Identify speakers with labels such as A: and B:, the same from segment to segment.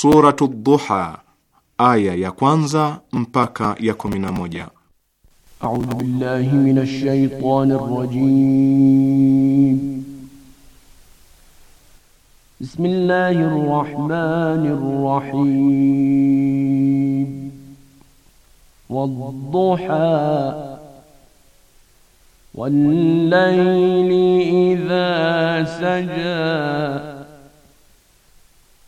A: Suratu Duha, aya ya kwanza mpaka ya kumi na moja.
B: A'udhu billahi minash shaitani rrajim. Bismillahir rahmanir rahim. Wadduha wal layli idha saja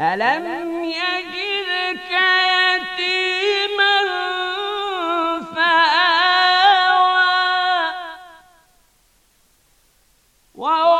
C: ألم يجدك يتيما فآوى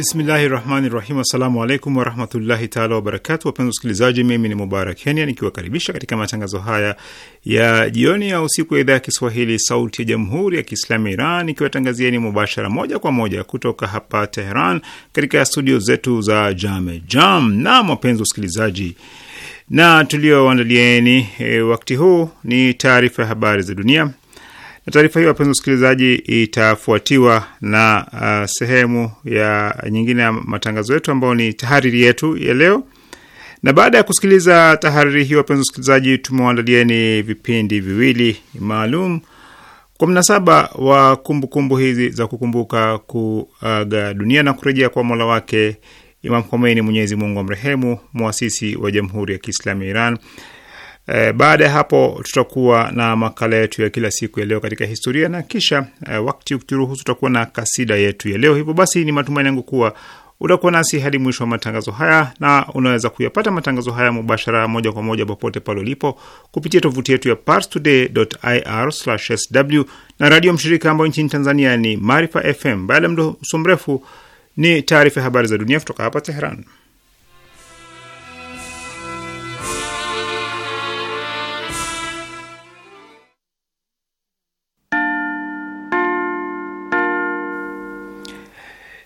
A: Bismillahi rahmani rahim. Assalamu alaikum warahmatullahi taala wabarakatu. Wapenzi wasikilizaji, mimi ni Mubarak Kenya nikiwakaribisha katika matangazo haya ya jioni ya usiku ya idhaa ya Kiswahili sauti ya jamhuri ya Kiislamu ya Iran ikiwatangazieni mubashara moja kwa moja kutoka hapa Teheran katika studio zetu za Jame Jam. Naam, wapenzi wasikilizaji, na tulioandalieni e, eh, wakti huu ni taarifa ya habari za dunia Taarifa hiyo wapenzi wasikilizaji, itafuatiwa na uh, sehemu ya nyingine ya matangazo yetu ambayo ni tahariri yetu ya leo, na baada ya kusikiliza tahariri hiyo, wapenzi wasikilizaji, tumewaandalieni vipindi viwili maalum kwa mnasaba wa kumbukumbu kumbu hizi za kukumbuka kuaga dunia na kurejea kwa mola wake Imam Khomeini, Mwenyezi Mungu amrehemu, mwasisi wa Jamhuri ya Kiislamu ya Iran E, baada ya hapo tutakuwa na makala yetu ya kila siku ya leo katika historia na kisha e, wakati ukituruhusu tutakuwa na kasida yetu ya leo. Hivyo basi ni matumaini yangu kuwa utakuwa nasi hadi mwisho wa matangazo haya, na unaweza kuyapata matangazo haya mubashara, moja kwa moja, popote pale ulipo kupitia tovuti yetu ya parstoday.ir/sw na radio mshirika ambayo nchini Tanzania ni Maarifa FM. Baada ya mdo mrefu ni taarifa ya habari za dunia kutoka hapa Teheran.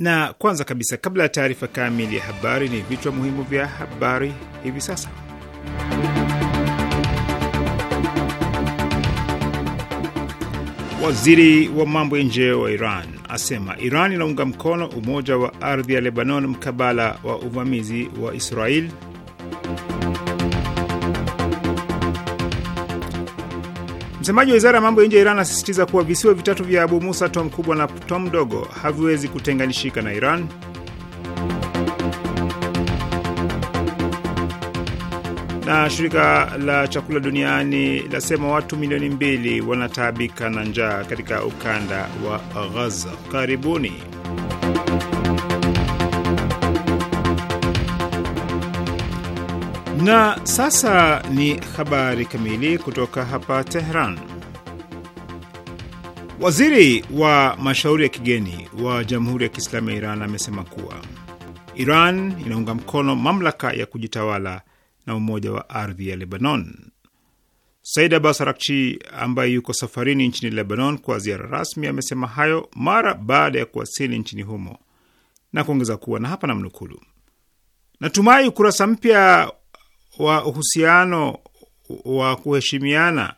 A: Na kwanza kabisa, kabla ya taarifa kamili ya habari, ni vichwa muhimu vya habari hivi sasa. Waziri wa mambo ya nje wa Iran asema Iran inaunga mkono umoja wa ardhi ya Lebanon mkabala wa uvamizi wa Israel. Msemaji wa wizara ya mambo ya nje ya Iran anasisitiza kuwa visiwa vitatu vya Abu Musa, Tom kubwa na Tom mdogo haviwezi kutenganishika na Iran. Na shirika la chakula duniani lasema watu milioni mbili wanataabika na njaa katika ukanda wa Ghaza. Karibuni. Na sasa ni habari kamili kutoka hapa Tehran. Waziri wa mashauri ya kigeni wa Jamhuri ya Kiislamu ya Iran amesema kuwa Iran inaunga mkono mamlaka ya kujitawala na umoja wa ardhi ya Lebanon. Said Abbas Arakchi ambaye yuko safarini nchini Lebanon kwa ziara rasmi amesema hayo mara baada ya kuwasili nchini humo na kuongeza kuwa na hapa namnukulu, natumai ukurasa mpya wa uhusiano wa kuheshimiana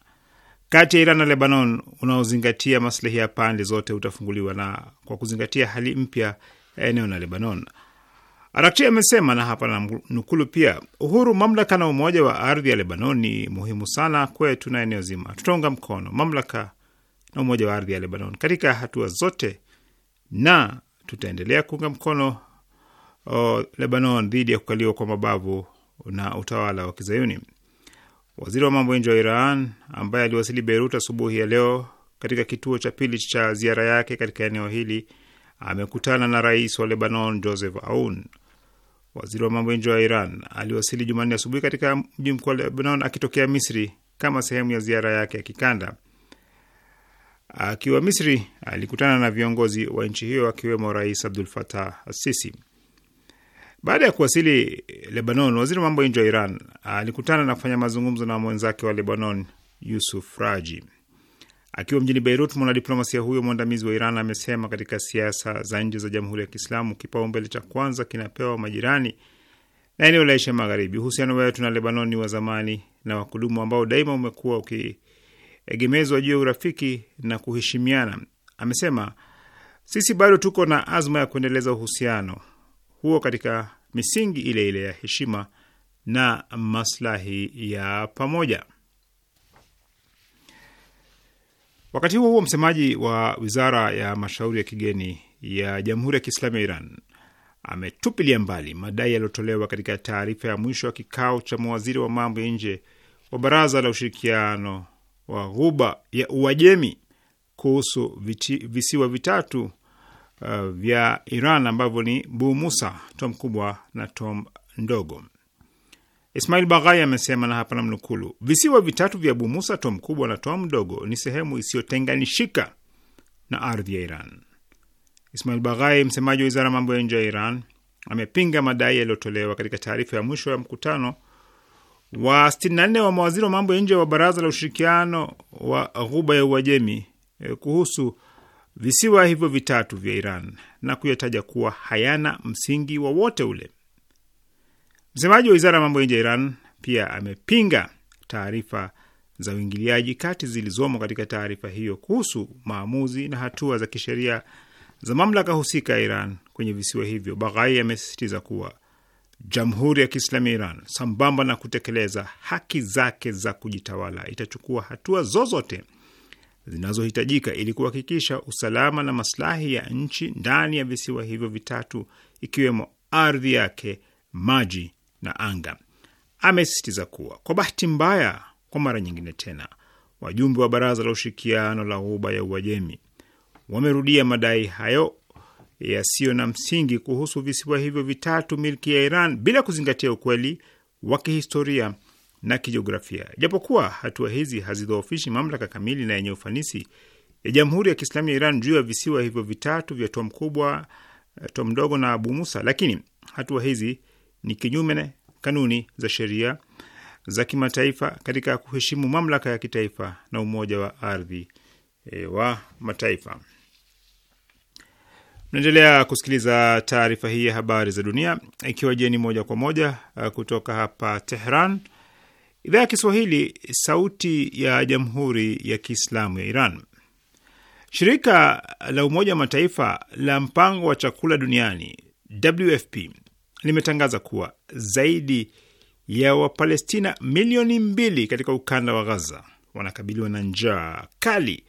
A: kati ya Iran na Lebanon unaozingatia maslahi ya pande zote utafunguliwa na kwa kuzingatia hali mpya ya eneo na Lebanon. Arakchi amesema na hapa na nukulu, pia uhuru, mamlaka na umoja wa ardhi ya Lebanon ni muhimu sana kwetu na eneo zima. Tutaunga mkono mamlaka na umoja wa ardhi ya Lebanon katika hatua zote na tutaendelea kuunga mkono o, Lebanon dhidi ya kukaliwa kwa mabavu na utawala wa Kizayuni. Waziri wa mambo ya nje wa Iran ambaye aliwasili Beirut asubuhi ya leo katika kituo cha pili cha ziara yake katika eneo hili amekutana na rais wa Lebanon Joseph Aoun. Waziri wa mambo ya nje wa Iran aliwasili Jumanne asubuhi katika mji mkuu wa Lebanon akitokea Misri kama sehemu ya ziara yake ya kikanda. Akiwa Misri alikutana na viongozi wa nchi hiyo akiwemo Rais Abdul Fatah Assisi. Baada ya kuwasili Lebanon, waziri wa mambo ya nje wa Iran alikutana na kufanya mazungumzo na mwenzake wa Lebanon, Yusuf Raji. Akiwa mjini Beirut, mwanadiplomasia huyo mwandamizi wa Iran amesema katika siasa za nje za Jamhuri ya Kiislamu kipaumbele cha kwanza kinapewa majirani na eneo la Asia Magharibi. Uhusiano wetu na Lebanon ni wa zamani na wa kudumu ambao daima umekuwa ukiegemezwa juu ya urafiki na kuheshimiana. Amesema sisi bado tuko na azma ya kuendeleza uhusiano huo katika misingi ile ile ya heshima na maslahi ya pamoja. Wakati huo huo, msemaji wa wizara ya mashauri ya kigeni ya Jamhuri ya Kiislamu ya Iran ametupilia mbali madai yaliyotolewa katika taarifa ya mwisho wa kikao cha mawaziri wa mambo ya nje wa Baraza la Ushirikiano wa Ghuba ya Uajemi kuhusu visiwa vitatu uh, vya Iran ambavyo ni Bu Musa, tom kubwa na tom ndogo. Ismail Baghai amesema, na hapa namnukulu, visiwa vitatu vya Bu Musa, tom kubwa na tom ndogo ni sehemu isiyotenganishika na ardhi ya Iran. Ismail Baghai, msemaji wa wizara ya mambo ya nje ya Iran, amepinga madai yaliyotolewa katika taarifa ya mwisho ya mkutano wa 64 wa mawaziri wa mambo ya nje wa Baraza la Ushirikiano wa Ghuba ya Uajemi eh, kuhusu visiwa hivyo vitatu vya Iran na kuyataja kuwa hayana msingi wowote ule. Msemaji wa wizara ya mambo ya nje ya Iran pia amepinga taarifa za uingiliaji kati zilizomo katika taarifa hiyo kuhusu maamuzi na hatua za kisheria za mamlaka husika ya Iran kwenye visiwa hivyo. Baghai amesisitiza kuwa Jamhuri ya Kiislamu ya Iran, sambamba na kutekeleza haki zake za kujitawala, itachukua hatua zozote zinazohitajika ili kuhakikisha usalama na maslahi ya nchi ndani ya visiwa hivyo vitatu, ikiwemo ardhi yake, maji na anga. Amesisitiza kuwa kwa bahati mbaya, kwa mara nyingine tena, wajumbe wa Baraza la Ushirikiano la Ghuba ya Uajemi wamerudia madai hayo yasiyo na msingi kuhusu visiwa hivyo vitatu milki ya Iran bila kuzingatia ukweli wa kihistoria na kijiografia. Japokuwa hatua hizi hazidhoofishi mamlaka kamili na yenye ufanisi ya Jamhuri ya Kiislamu ya Iran juu ya visiwa hivyo vitatu vya Tom Kubwa, eh, Tom Mdogo na Abu Musa, lakini hatua hizi ni kinyume na kanuni za sheria za kimataifa katika kuheshimu mamlaka ya kitaifa na umoja wa ardhi e, wa mataifa. Mnaendelea kusikiliza taarifa hii ya habari za dunia, ikiwa jeni moja kwa moja eh, kutoka hapa Tehran, Idhaa ya Kiswahili, Sauti ya Jamhuri ya Kiislamu ya Iran. Shirika la Umoja wa Mataifa la Mpango wa Chakula Duniani, WFP, limetangaza kuwa zaidi ya Wapalestina milioni mbili katika ukanda wa Gaza wanakabiliwa na njaa kali,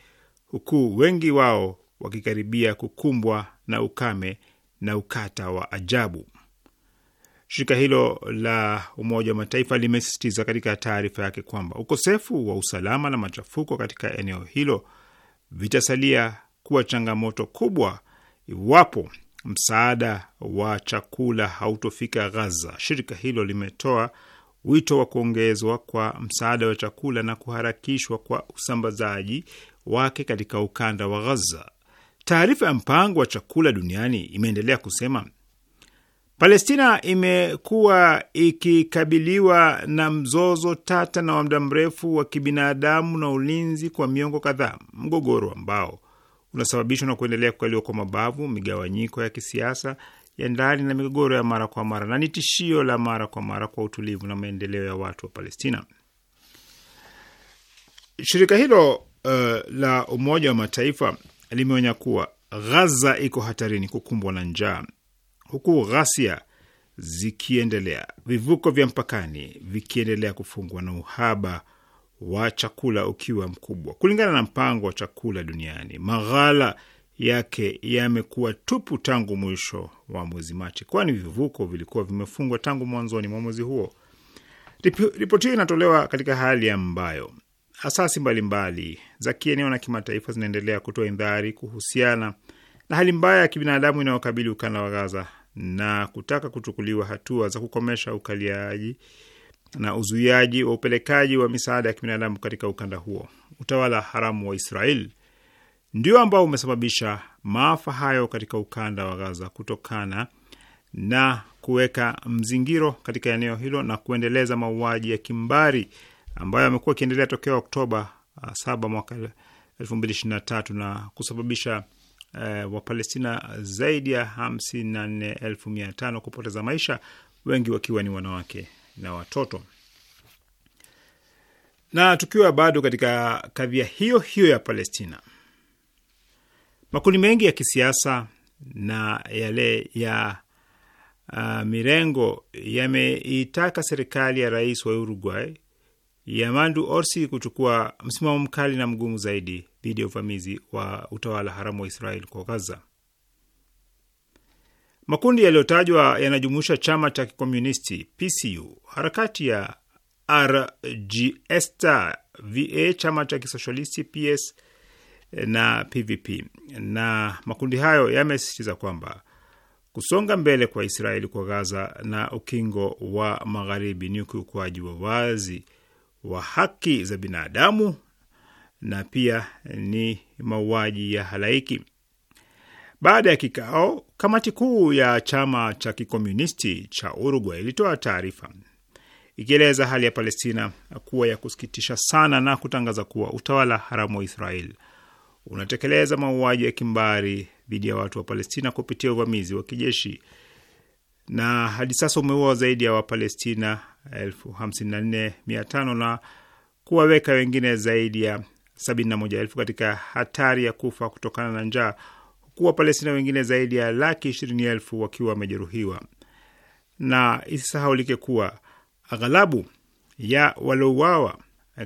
A: huku wengi wao wakikaribia kukumbwa na ukame na ukata wa ajabu. Shirika hilo la Umoja wa Mataifa limesisitiza katika taarifa yake kwamba ukosefu wa usalama na machafuko katika eneo hilo vitasalia kuwa changamoto kubwa iwapo msaada wa chakula hautofika Gaza. Shirika hilo limetoa wito wa kuongezwa kwa msaada wa chakula na kuharakishwa kwa usambazaji wake katika ukanda wa Gaza. Taarifa ya mpango wa chakula duniani imeendelea kusema Palestina imekuwa ikikabiliwa na mzozo tata na wa muda mrefu wa kibinadamu na ulinzi kwa miongo kadhaa, mgogoro ambao unasababishwa na kuendelea kukaliwa kwa mabavu, migawanyiko ya kisiasa ya ndani na migogoro ya mara kwa mara, na ni tishio la mara kwa mara kwa utulivu na maendeleo ya watu wa Palestina. Shirika hilo uh, la Umoja wa Mataifa limeonya kuwa Ghaza iko hatarini kukumbwa na njaa huku ghasia zikiendelea, vivuko vya mpakani vikiendelea kufungwa na uhaba wa chakula ukiwa mkubwa. Kulingana na mpango wa chakula duniani, maghala yake yamekuwa tupu tangu mwisho wa mwezi Machi, kwani vivuko vilikuwa vimefungwa tangu mwanzoni mwa mwezi huo. Ripoti hiyo inatolewa katika hali ambayo asasi mbalimbali mbali za kieneo na kimataifa zinaendelea kutoa indhari kuhusiana na hali mbaya ya kibinadamu inayokabili ukanda wa Gaza na kutaka kuchukuliwa hatua za kukomesha ukaliaji na uzuiaji wa upelekaji wa misaada ya kibinadamu katika ukanda huo. Utawala haramu wa Israel ndio ambao umesababisha maafa hayo katika ukanda wa Gaza kutokana na kuweka mzingiro katika eneo hilo na kuendeleza mauaji ya kimbari ambayo amekuwa akiendelea tokea Oktoba 7 uh, mwaka 2023 na kusababisha eh, Wapalestina zaidi ya 54,500 kupoteza maisha, wengi wakiwa ni wanawake na watoto. Na tukiwa bado katika kadhia hiyo hiyo ya Palestina, makundi mengi ya kisiasa na yale ya uh, mirengo yameitaka serikali ya rais wa Uruguay Yamandu Orsi kuchukua msimamo mkali na mgumu zaidi dhidi ya uvamizi wa utawala haramu wa Israel kwa Gaza. Makundi yaliyotajwa yanajumuisha chama cha kikomunisti PCU, harakati ya RGSTA VA, chama cha kisoshalisti PS na PVP, na makundi hayo yamesisitiza kwamba kusonga mbele kwa Israeli kwa Gaza na ukingo wa magharibi ni ukiukwaji wa wazi wa haki za binadamu na pia ni mauaji ya halaiki. Baada ya kikao, kamati kuu ya chama cha kikomunisti cha Uruguay ilitoa taarifa ikieleza hali ya Palestina kuwa ya kusikitisha sana na kutangaza kuwa utawala haramu wa Israel unatekeleza mauaji ya kimbari dhidi ya watu wa Palestina kupitia uvamizi wa kijeshi na hadi sasa umeua zaidi ya Wapalestina elfu hamsini na nne mia tano na kuwaweka wengine zaidi ya sabini na moja elfu katika hatari ya kufa kutokana na njaa huku Wapalestina wengine zaidi ya laki ishirini elfu wakiwa wamejeruhiwa. Na isisahaulike kuwa aghalabu ya waliouawa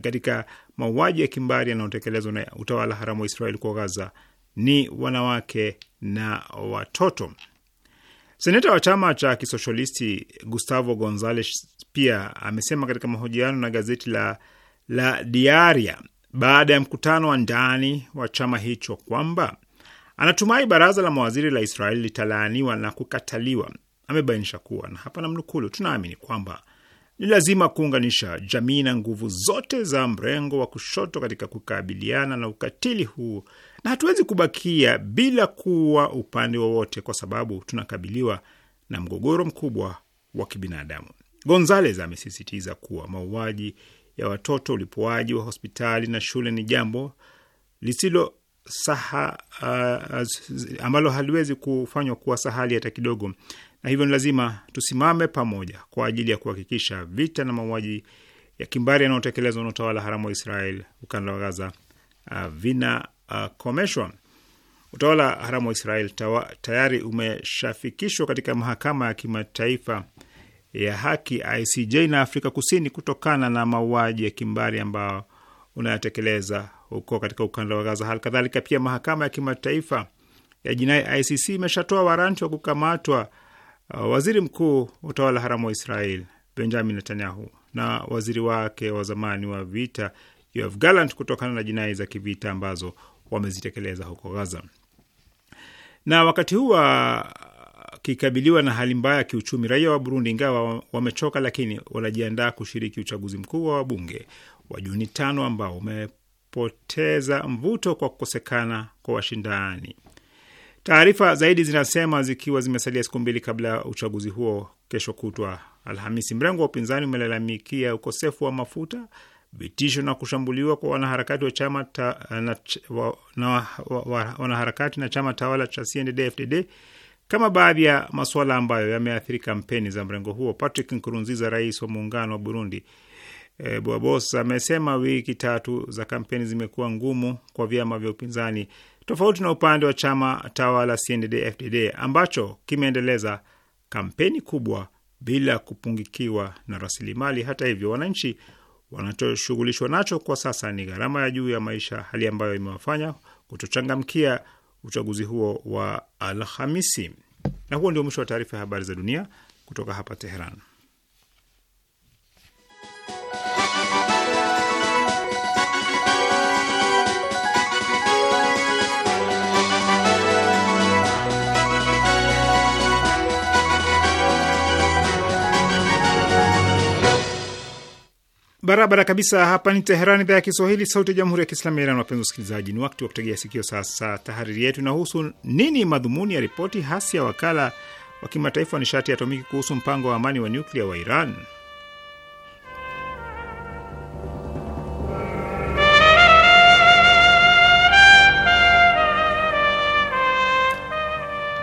A: katika mauaji ya kimbari yanayotekelezwa na utawala haramu wa Israeli kwa Gaza ni wanawake na watoto. Seneta wa chama cha kisoshalisti Gustavo Gonzales pia amesema katika mahojiano na gazeti la La Diaria baada ya mkutano wa ndani wa chama hicho kwamba anatumai baraza la mawaziri la Israeli litalaaniwa na kukataliwa. Amebainisha kuwa na hapa namnukulu, tunaamini kwamba ni lazima kuunganisha jamii na nguvu zote za mrengo wa kushoto katika kukabiliana na ukatili huu, na hatuwezi kubakia bila kuwa upande wowote, kwa sababu tunakabiliwa na mgogoro mkubwa wa kibinadamu. Gonzales amesisitiza kuwa mauaji ya watoto, ulipoaji wa hospitali na shule ni jambo lisilo saha, uh, ambalo haliwezi kufanywa kuwa sahali hata kidogo, na hivyo ni lazima tusimame pamoja kwa ajili ya kuhakikisha vita na mauaji ya kimbari yanayotekelezwa na utawala haramu wa Israel ukanda wa Gaza uh, vinakomeshwa. Uh, utawala haramu wa Israel tawa, tayari umeshafikishwa katika mahakama ya kimataifa ya haki ICJ na Afrika Kusini kutokana na mauaji ya kimbari ambao unayotekeleza huko katika ukanda wa Gaza. Hali kadhalika pia mahakama ya kimataifa ya jinai ICC imeshatoa waranti wa kukamatwa Uh, waziri mkuu utawala haramu wa Israel Benjamin Netanyahu na waziri wake wa zamani wa vita Yoav Gallant kutokana na jinai za kivita ambazo wamezitekeleza huko Gaza. Na wakati huu wakikabiliwa uh, na hali mbaya ya kiuchumi, raia wa Burundi, ingawa wamechoka, lakini wanajiandaa kushiriki uchaguzi mkuu wa wabunge wa Juni tano ambao umepoteza mvuto kwa kukosekana kwa washindani Taarifa zaidi zinasema zikiwa zimesalia siku mbili kabla ya uchaguzi huo kesho kutwa Alhamisi, mrengo wa upinzani umelalamikia ukosefu wa mafuta, vitisho na kushambuliwa kwa wanaharakati wa chama ta, na, wa, na, wa, wa, wanaharakati na chama tawala cha CNDD-FDD kama baadhi ya masuala ambayo yameathiri kampeni za mrengo huo. Patrick Nkurunziza, rais wa muungano wa Burundi e, Bwabos, amesema wiki tatu za kampeni zimekuwa ngumu kwa vyama vya upinzani tofauti na upande wa chama tawala CNDD-FDD ambacho kimeendeleza kampeni kubwa bila kupungikiwa na rasilimali. Hata hivyo, wananchi wanachoshughulishwa nacho kwa sasa ni gharama ya juu ya maisha, hali ambayo imewafanya kutochangamkia uchaguzi huo wa Alhamisi. Na huo ndio mwisho wa taarifa ya habari za dunia kutoka hapa Teheran. barabara kabisa. Hapa ni Teheran, idhaa ya Kiswahili, sauti ya jamhuri ya kiislamu ya Iran. Wapenzi wasikilizaji, ni wakati wa kutegea sikio sasa. Tahariri yetu inahusu nini? Madhumuni ya ripoti hasi ya wakala wa kimataifa wa nishati ya atomiki kuhusu mpango wa amani wa nyuklia wa Iran.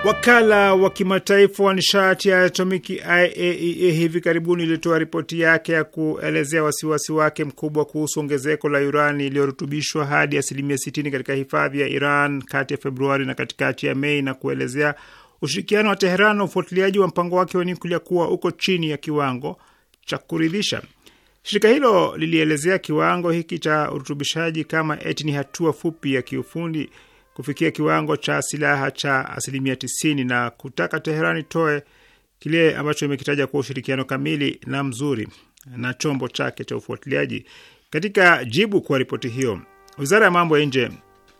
A: Wakala wa kimataifa wa nishati ya atomiki IAEA e hivi karibuni ilitoa ripoti yake ya kuelezea wasiwasi wake mkubwa kuhusu ongezeko la urani iliyorutubishwa hadi asilimia 60 katika hifadhi ya Iran kati ya Februari na katikati ya Mei na kuelezea ushirikiano wa Teheran na ufuatiliaji wa mpango wake wa nyuklia kuwa uko chini ya kiwango cha kuridhisha. Shirika hilo lilielezea kiwango hiki cha urutubishaji kama eti ni hatua fupi ya kiufundi kufikia kiwango cha silaha cha asilimia 90 na kutaka Teheran itoe kile ambacho imekitaja kuwa ushirikiano kamili na mzuri na chombo chake cha ufuatiliaji. Katika jibu kwa ripoti hiyo, wizara ya mambo ya nje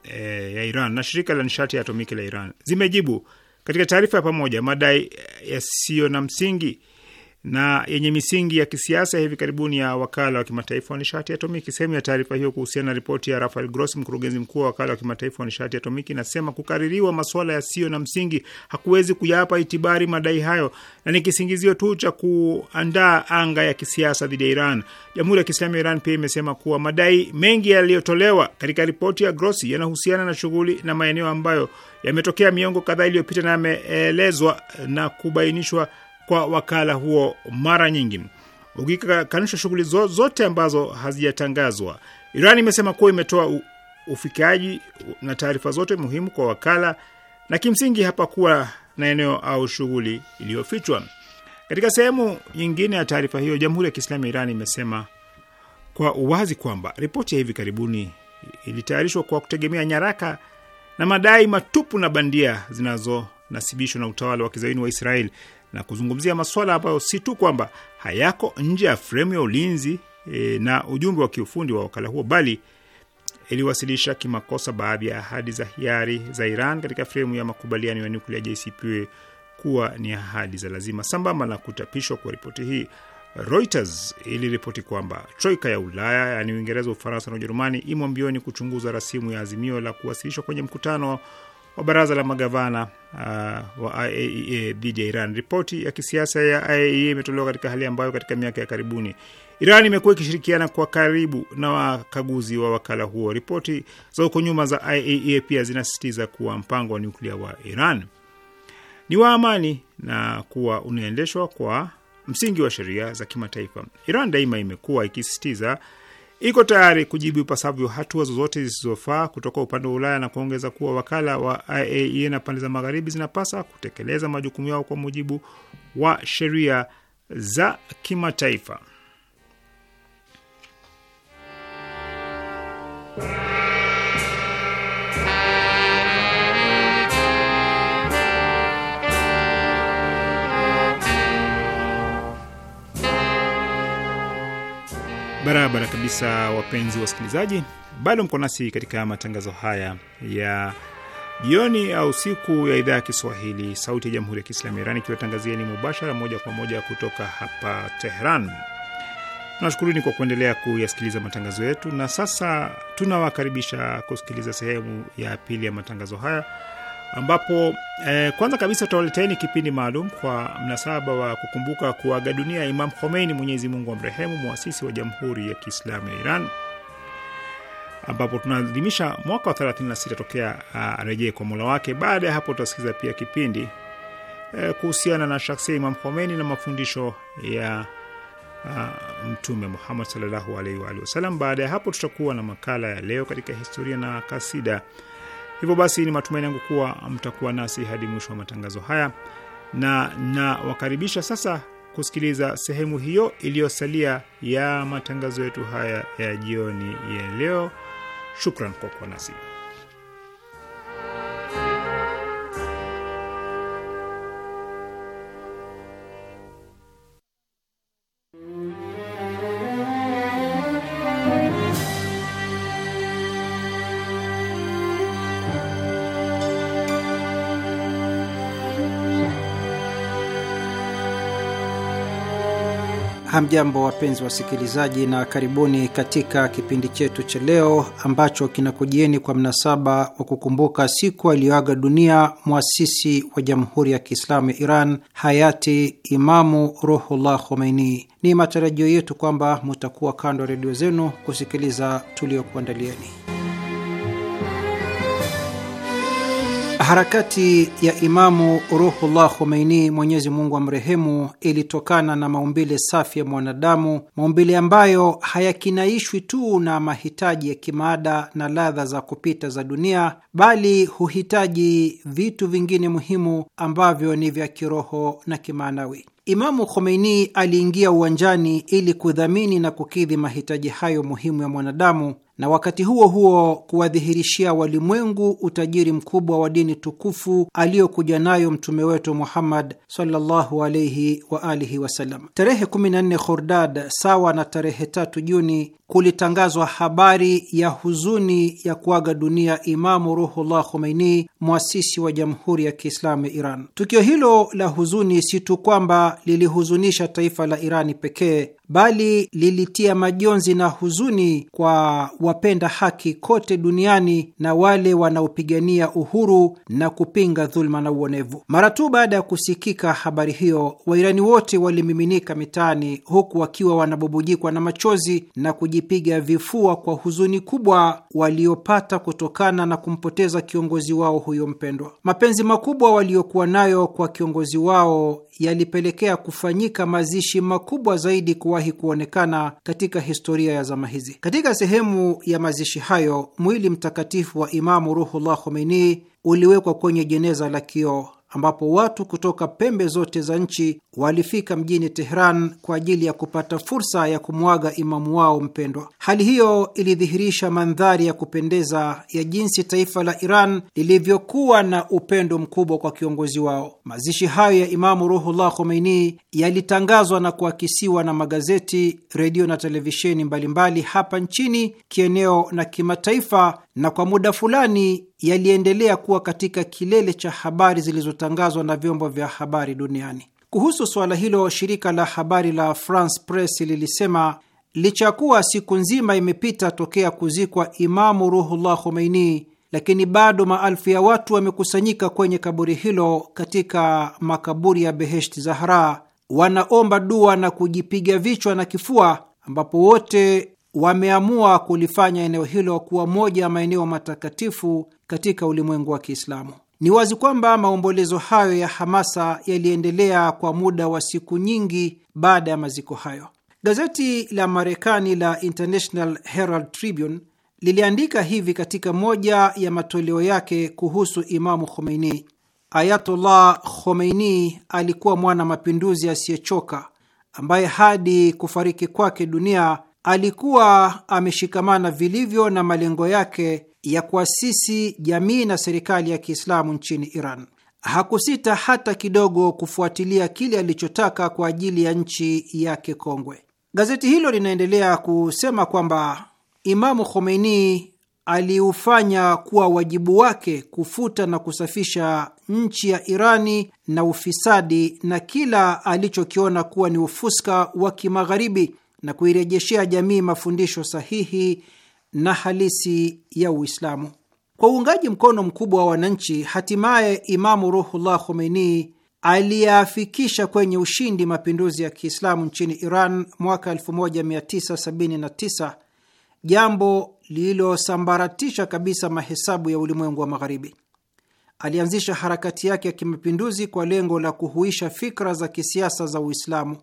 A: e, ya Iran na shirika la nishati ya atomiki la Iran zimejibu katika taarifa ya pamoja madai eh, yasiyo na msingi na yenye misingi ya kisiasa hivi karibuni ya wakala wa kimataifa wa nishati atomiki. Sehemu ya taarifa hiyo kuhusiana na ripoti ya Rafael Grossi, mkurugenzi mkuu wa wakala wa kimataifa wa nishati atomiki, inasema kukaririwa masuala yasiyo na msingi hakuwezi kuyapa itibari madai hayo na ni kisingizio tu cha kuandaa anga ya kisiasa dhidi ya Iran. Jamhuri ya Kiislamu ya Iran pia imesema kuwa madai mengi yaliyotolewa katika ripoti ya Grossi yanahusiana na shughuli na maeneo ambayo yametokea miongo kadhaa iliyopita na yameelezwa na kubainishwa kwa wakala huo mara nyingi, ukikanusha shughuli zote ambazo hazijatangazwa. Iran imesema kuwa imetoa ufikiaji na taarifa zote muhimu kwa wakala na kimsingi hapakuwa na eneo au shughuli iliyofichwa. Katika sehemu nyingine ya taarifa hiyo, Jamhuri ya Kiislamu ya Iran imesema kwa uwazi kwamba ripoti ya hivi karibuni ilitayarishwa kwa kutegemea nyaraka na madai matupu na bandia zinazonasibishwa na utawala wa kizaini wa Israeli na kuzungumzia masuala ambayo si tu kwamba hayako nje ya fremu ya ulinzi e, na ujumbe wa kiufundi wa wakala huo, bali iliwasilisha kimakosa baadhi ya ahadi za hiari za Iran katika fremu ya makubaliano ya nyuklia JCPOA kuwa ni ahadi za lazima. Sambamba na kuchapishwa kwa ripoti hii, Reuters iliripoti kwamba troika ya Ulaya yaani Uingereza, Ufaransa na Ujerumani imo mbioni kuchunguza rasimu ya azimio la kuwasilishwa kwenye mkutano wa baraza la magavana uh, wa IAEA dhidi ya Iran. Ripoti ya kisiasa ya IAEA e imetolewa katika hali ambayo katika miaka ya karibuni Iran imekuwa ikishirikiana kwa karibu na wakaguzi wa wakala huo. Ripoti za huko nyuma za IAEA e pia zinasisitiza kuwa mpango wa nyuklia wa Iran ni wa amani na kuwa unaendeshwa kwa msingi wa sheria za kimataifa. Iran daima imekuwa ikisisitiza iko tayari kujibu ipasavyo hatua zozote zisizofaa kutoka upande wa Ulaya na kuongeza kuwa wakala wa IAEA e na pande za magharibi zinapasa kutekeleza majukumu yao kwa mujibu wa sheria za kimataifa. Barabara kabisa, wapenzi wasikilizaji, bado mko nasi katika matangazo haya ya jioni au siku ya idhaa ya Kiswahili sauti ya jamhuri ya Kiislamu ya Iran ikiwatangazia ni mubashara moja kwa moja kutoka hapa Teheran. Tunashukuruni kwa kuendelea kuyasikiliza matangazo yetu, na sasa tunawakaribisha kusikiliza sehemu ya pili ya matangazo haya ambapo eh, kwanza kabisa tutawaleteni kipindi maalum kwa mnasaba wa kukumbuka kuaga dunia ya Imam Khomeini, Mwenyezi Mungu amrehemu, mwasisi wa Jamhuri ya Kiislamu ya Iran, ambapo tunaadhimisha mwaka wa 36 tokea ah, arejee kwa Mola wake. Baada ya hapo, tutasikiza pia kipindi eh, kuhusiana na shaksia Imam Khomeini na mafundisho ya uh, Mtume Muhammad sallallahu alaihi wa alihi wasallam. Baada ya hapo, tutakuwa na makala ya leo katika historia na kasida Hivyo basi ni matumaini yangu kuwa mtakuwa nasi hadi mwisho wa matangazo haya, na nawakaribisha sasa kusikiliza sehemu hiyo iliyosalia ya matangazo yetu haya ya jioni ya leo. Shukran kwa kuwa nasi.
D: Hamjambo, wapenzi wasikilizaji, na karibuni katika kipindi chetu cha leo ambacho kinakujieni kwa mnasaba wa kukumbuka siku aliyoaga dunia mwasisi wa Jamhuri ya Kiislamu ya Iran, hayati Imamu Ruhullah Khomeini. Ni matarajio yetu kwamba mutakuwa kando ya redio zenu kusikiliza tuliokuandalieni. Harakati ya Imamu Ruhullah Khomeini, Mwenyezi Mungu amrehemu, ilitokana na maumbile safi ya mwanadamu, maumbile ambayo hayakinaishwi tu na mahitaji ya kimaada na ladha za kupita za dunia, bali huhitaji vitu vingine muhimu ambavyo ni vya kiroho na kimaanawi. Imamu Khomeini aliingia uwanjani ili kudhamini na kukidhi mahitaji hayo muhimu ya mwanadamu na wakati huo huo kuwadhihirishia walimwengu utajiri mkubwa wa dini tukufu aliyokuja nayo mtume wetu Muhammad sallallahu alaihi wa alihi wasallam. Tarehe 14 Khordad sawa na tarehe tatu Juni kulitangazwa habari ya huzuni ya kuaga dunia Imamu Ruhullah Khomeini, mwasisi wa Jamhuri ya Kiislamu ya Iran. Tukio hilo la huzuni si tu kwamba lilihuzunisha taifa la Irani pekee, bali lilitia majonzi na huzuni kwa wapenda haki kote duniani na wale wanaopigania uhuru na kupinga dhuluma na uonevu. Mara tu baada ya kusikika habari hiyo, Wairani wote walimiminika mitaani, huku wakiwa wanabubujikwa na machozi na kuji walijipiga vifua kwa huzuni kubwa waliopata kutokana na kumpoteza kiongozi wao huyo mpendwa. Mapenzi makubwa waliokuwa nayo kwa kiongozi wao yalipelekea kufanyika mazishi makubwa zaidi kuwahi kuonekana katika historia ya zama hizi. Katika sehemu ya mazishi hayo, mwili mtakatifu wa Imamu Ruhullah Khomeini uliwekwa kwenye jeneza la kioo ambapo watu kutoka pembe zote za nchi walifika mjini Tehran kwa ajili ya kupata fursa ya kumwaga imamu wao mpendwa. Hali hiyo ilidhihirisha mandhari ya kupendeza ya jinsi taifa la Iran lilivyokuwa na upendo mkubwa kwa kiongozi wao. Mazishi hayo ya Imamu Ruhullah Khomeini yalitangazwa na kuakisiwa na magazeti, redio na televisheni mbalimbali hapa nchini, kieneo na kimataifa na kwa muda fulani yaliendelea kuwa katika kilele cha habari zilizotangazwa na vyombo vya habari duniani. Kuhusu suala hilo, shirika la habari la France Press lilisema licha ya kuwa siku nzima imepita tokea kuzikwa Imamu Ruhullah Khomeini, lakini bado maelfu ya watu wamekusanyika kwenye kaburi hilo katika makaburi ya Beheshti Zahra, wanaomba dua na kujipiga vichwa na kifua, ambapo wote wameamua kulifanya eneo hilo kuwa moja ya maeneo matakatifu katika ulimwengu wa Kiislamu. Ni wazi kwamba maombolezo hayo ya hamasa yaliendelea kwa muda wa siku nyingi baada ya maziko hayo. Gazeti la Marekani la International Herald Tribune liliandika hivi katika moja ya matoleo yake kuhusu Imamu Khomeini: Ayatollah Khomeini alikuwa mwana mapinduzi asiyechoka ambaye hadi kufariki kwake dunia alikuwa ameshikamana vilivyo na malengo yake ya kuasisi jamii na serikali ya Kiislamu nchini Iran. Hakusita hata kidogo kufuatilia kile alichotaka kwa ajili ya nchi yake kongwe. Gazeti hilo linaendelea kusema kwamba Imamu Khomeini aliufanya kuwa wajibu wake kufuta na kusafisha nchi ya Irani na ufisadi na kila alichokiona kuwa ni ufuska wa kimagharibi na kuirejeshea jamii mafundisho sahihi na halisi ya Uislamu. Kwa uungaji mkono mkubwa wa wananchi, hatimaye Imamu Ruhullah Khomeini aliyeafikisha kwenye ushindi mapinduzi ya Kiislamu nchini Iran mwaka 1979, jambo lililosambaratisha kabisa mahesabu ya ulimwengu wa Magharibi. Alianzisha harakati yake ya kimapinduzi kwa lengo la kuhuisha fikra za kisiasa za Uislamu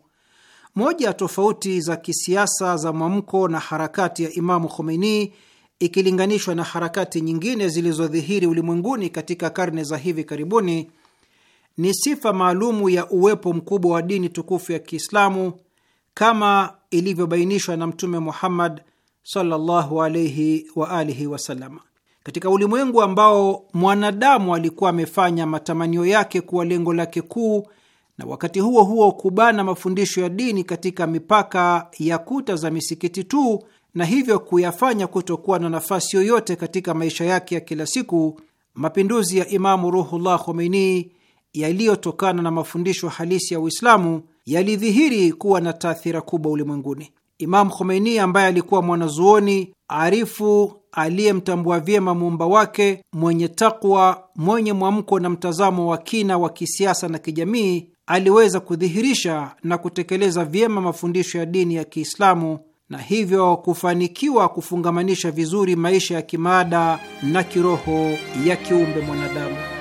D: moja tofauti za kisiasa za mwamko na harakati ya Imamu Khomeini ikilinganishwa na harakati nyingine zilizodhihiri ulimwenguni katika karne za hivi karibuni ni sifa maalumu ya uwepo mkubwa wa dini tukufu ya Kiislamu kama ilivyobainishwa na Mtume Muhammad sallallahu wa alihi wasallam. Katika ulimwengu ambao mwanadamu alikuwa amefanya matamanio yake kuwa lengo lake kuu na wakati huo huo kubana mafundisho ya dini katika mipaka ya kuta za misikiti tu na hivyo kuyafanya kutokuwa na nafasi yoyote katika maisha yake ya kila siku. Mapinduzi ya Imamu Ruhullah Khomeini yaliyotokana na mafundisho halisi ya Uislamu yalidhihiri kuwa na taathira kubwa ulimwenguni. Imamu Khomeini ambaye alikuwa mwanazuoni arifu aliyemtambua vyema muumba wake, mwenye takwa, mwenye mwamko na mtazamo wa kina wa kisiasa na kijamii, aliweza kudhihirisha na kutekeleza vyema mafundisho ya dini ya Kiislamu na hivyo kufanikiwa kufungamanisha vizuri maisha ya kimaada na kiroho ya kiumbe mwanadamu.